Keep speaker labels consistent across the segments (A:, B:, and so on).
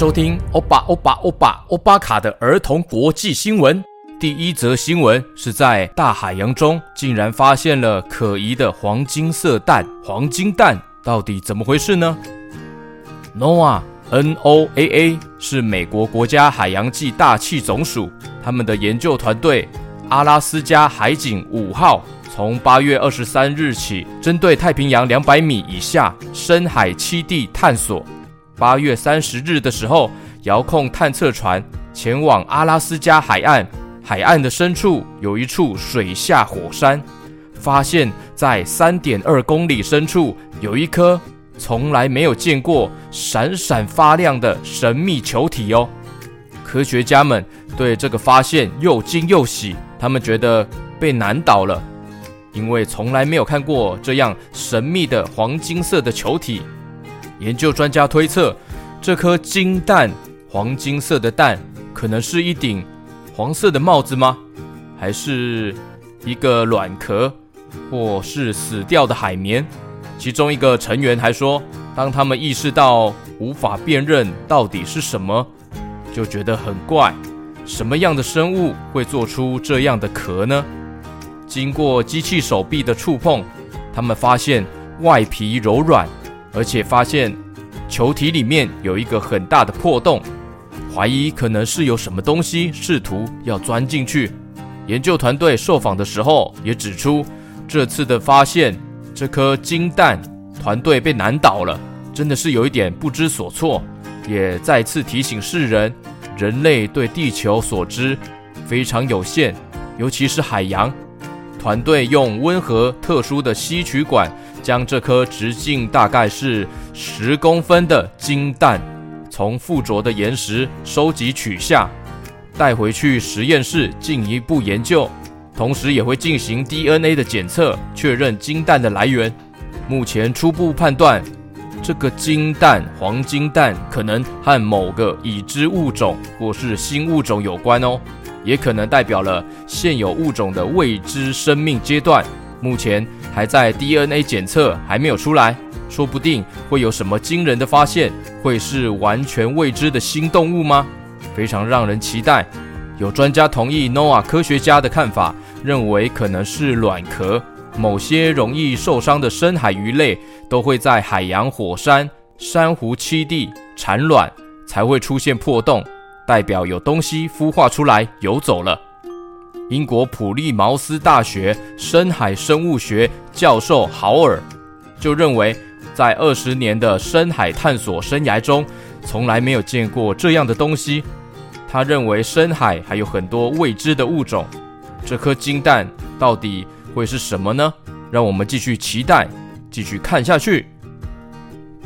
A: 收聽歐巴歐巴歐巴歐巴卡的兒童國際新聞。第一則新聞是在大海洋中竟然發現了可疑的黃金色蛋，黃金蛋到底怎麼回事呢？NOAA 是美國國家海洋暨大氣總署，他們的研究團隊阿拉斯加海警五號從八月二十三日起，針對太平洋兩百米以下深海棲地探索。八月三十日的時候，遙控探測船前往阿拉斯加海岸，海岸的深處有一處水下火山，發現，在三點二公里深處有一顆從來沒有見過、閃閃發亮的神秘球體哦。科學家們對這個發現又驚又喜，他們覺得被難倒了，因為從來沒有看過這樣神秘的黃金色的球體。研究專家推測，這顆金蛋、黃金色的蛋，可能是一頂黃色的帽子嗎？還是一個卵殼，或是死掉的海綿？其中一個成員還說，當他們意識到無法辨認到底是什麼，就覺得很怪。什麼樣的生物會做出這樣的殼呢？經過機器手臂的觸碰，他們發現外皮柔軟。而且發現球體裡面有一個很大的破洞，懷疑可能是有什麼東西試圖要鑽進去。研究團隊受訪的時候也指出，這次的發現，這顆金蛋團隊被難倒了，真的是有一點不知所措。也再次提醒世人，人類對地球所知非常有限，尤其是海洋。團隊用溫和特殊的吸取管。將這顆直徑大概是十公分的金蛋，從附着的岩石收集取下，帶回去實驗室進一步研究，同時也會進行 DNA 的檢測，確認金蛋的來源。目前初步判斷，這個金蛋、黃金蛋可能和某個已知物種或是新物種有關哦，也可能代表了現有物種的未知生命階段。目前還在 DNA 檢測還沒有出來，說不定會有什麼驚人的發現，會是完全未知的新動物嗎？非常讓人期待。有專家同意 NOAA 科學家的看法，認為可能是卵殼。某些容易受傷的深海魚類都會在海洋火山、珊瑚棲地產卵，才會出現破洞，代表有東西孵化出來游走了。英國普利茅斯大學深海生物學教授豪爾就認為，在二十年的深海探索生涯中，從來沒有見過這樣的東西。他認為深海還有很多未知的物種。這顆金蛋到底會是什麼呢？讓我們繼續期待，繼續看下去。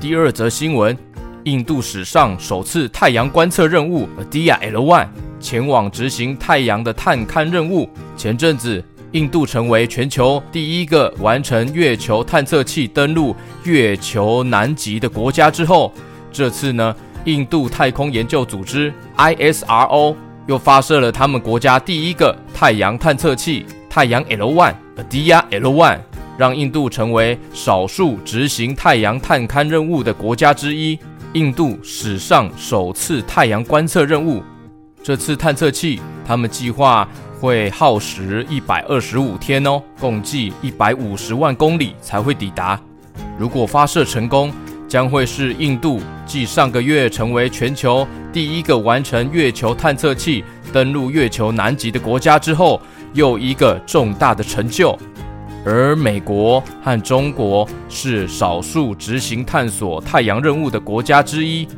A: 第二則新聞：印度史上首次太陽觀測任務阿迪亞 L1。前往執行太陽的探勘任務。前陣子，印度成為全球第一個完成月球探測器登陸月球南極的國家之後，這次呢，印度太空研究組織 ISRO 又發射了他們國家第一個太陽探測器太陽 L1，阿迪亞 L1，讓印度成為少數執行太陽探勘任務的國家之一。印度史上首次太陽觀測任務。這次探測器，他們計劃會耗時一百二十五天哦，共計一百五十萬公里才會抵達。如果發射成功，將會是印度繼上個月成為全球第一個完成月球探測器登陸月球南極的國家之後，又一個重大的成就。而美國和中國是少數執行探索太陽任務的國家之一。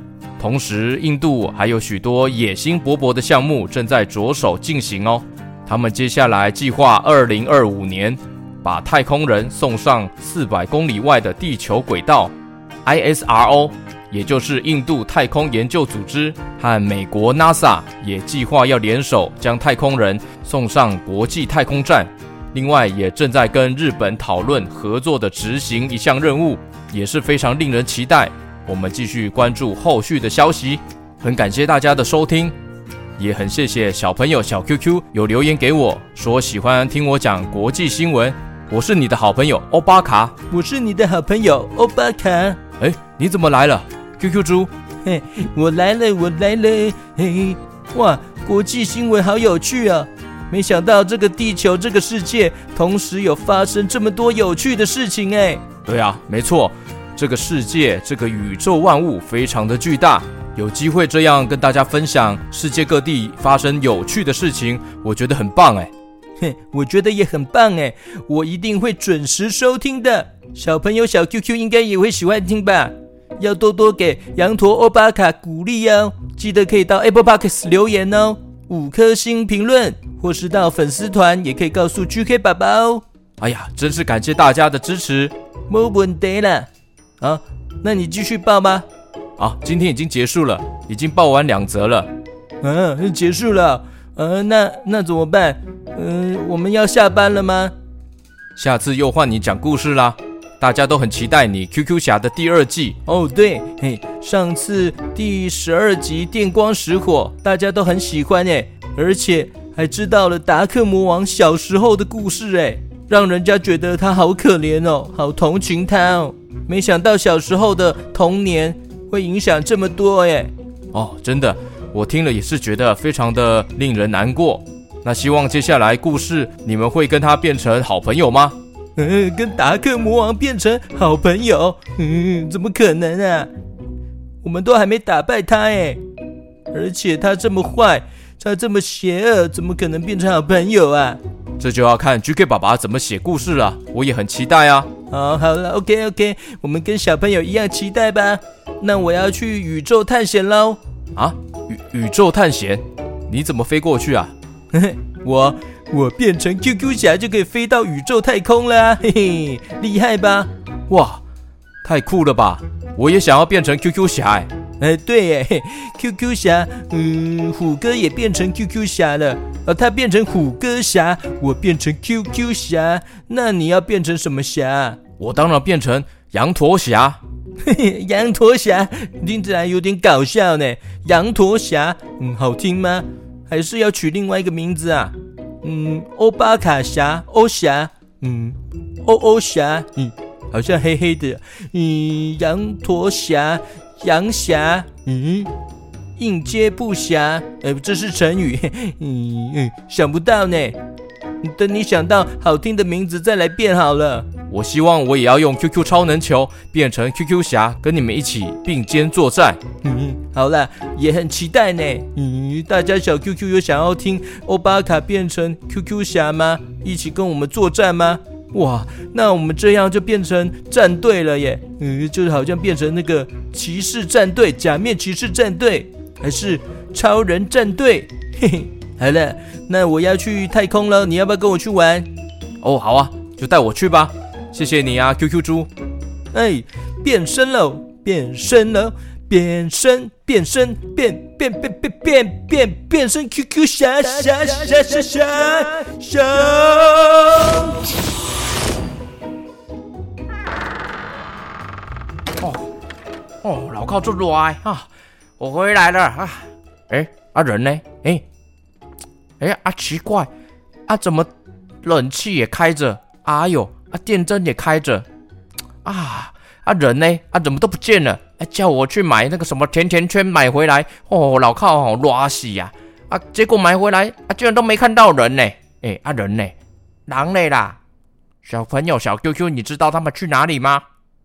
A: 同時，印度還有許多野心勃勃的項目正在着手進行哦。他們接下來計劃二零二五年把太空人送上四百公里外的地球軌道。ISRO，也就是印度太空研究組織，和美國 NASA 也計劃要聯手將太空人送上國際太空站。另外，也正在跟日本討論合作的執行一項任務，也是非常令人期待。我們繼續關注後續的消息，很感謝大家的收聽，也很謝謝小朋友小 QQ 有留言給我說喜歡聽我講國際新聞。我是你的好朋友歐巴卡，我是你的好朋友歐巴卡。哎，你怎麼來了？QQ 豬，嘿，我來了，我來了，嘿，哇，國際新聞好有趣啊，哦！沒想到這個地球這個世界同時有發生這麼多有趣的事情誒，哎，對啊，沒錯。這個世界，這個宇宙，萬物非常的巨大。有機會這樣跟大家分享世界各地發生有趣的事情，我覺得很棒哎。哼，我覺得也很棒哎。我一定會準時收聽的。小朋友小 QQ 應該也會喜歡聽吧？要多多給羊駝歐巴卡鼓勵哦！記得可以到 Apple Podcast 留言哦，五顆星評論，或是到粉絲團也可以告訴 GK 爸爸哦。哎呀，真是感謝大家的支持，沒問題啦。啊，那你繼續報吧。好、啊，今天已經結束了，已經報完兩則了。嗯、啊，結束了。嗯、啊，那那怎麼辦？嗯、啊，我們要下班了嗎？下次又換你講故事啦。大家都很期待你《Q Q 俠》的第二季哦。對，嘿，上次第十二集《電光石火》，大家都很喜歡誒，而且還知道了達克魔王小時候的故事誒，讓人家覺得他好可憐哦，好同情他哦。沒想到小時候的童年會影響這麼多誒。哦，真的，我聽了也是覺得非常的令人難過。那希望接下來故事，你們會跟他變成好朋友嗎？嗯，跟達克魔王變成好朋友？嗯，怎麼可能啊？我們都還沒打敗他誒，而且他這麼壞，他這麼邪惡，怎麼可能變成好朋友啊？這就要看 GK 爸爸怎麼寫故事了，我也很期待啊！好、哦，好了，OK，OK，OK, OK, 我們跟小朋友一樣期待吧。那我要去宇宙探險嘍！啊，宇宇宙探險，你怎麼飛過去啊？嘿嘿，我我變成 QQ 俠就可以飛到宇宙太空啦！嘿嘿，厲害吧？哇，太酷了吧！我也想要變成 QQ 俠、欸。哎，對耶，哎，QQ 俠，嗯，虎哥也變成 QQ 俠了，哦，啊，他變成虎哥俠，我變成 QQ 俠，那你要變成什麼俠？我當然變成羊駝俠，嘿嘿，羊駝俠，聽起來有點搞笑呢。羊駝俠，嗯，好聽嗎？還是要取另外一個名字啊？嗯，歐巴卡俠，歐俠，嗯，歐歐俠，嗯，好像黑黑的，嗯，羊駝俠。羊俠，嗯，應接不暇，呃，這是成語，嗯，嗯，想不到呢，等你想到好聽的名字再來變好了。我希望我也要用 QQ 超能球變成 QQ 俠，跟你們一起並肩作戰。嗯，好了，也很期待呢。嗯，大家小 QQ 有想要聽歐巴卡變成 QQ 俠嗎？一起跟我們作戰嗎？哇，那我們這樣就變成戰隊了耶！嗯，就是好像變成那個騎士戰隊、假面騎士戰隊，還是超人戰隊？嘿嘿，好了，那我要去太空了，你要不要跟我去玩？哦，好啊，就帶我去吧，謝謝你啊，QQ 豬。哎，變身了，變身了，變身，變，變，變，變，變，變，變，變，變身，變變變變變變變身 QQ 俠俠俠俠俠俠！好熱啊！我回來了啊！哎、欸，阿、啊、人呢？哎、欸、誒、欸，啊，奇怪，啊，怎麼冷氣也開着？啊，有啊，電燈也開着啊！阿、啊、人呢？啊，怎麼都不見了？啊，叫我去買那個什麼甜甜圈，買回來哦，老靠，好熱死呀、啊！啊，結果買回來啊，居然都沒看到人呢！哎、欸，阿、啊、人呢？人呢啦？呢小朋友，小 QQ，你知道他們去哪裡嗎？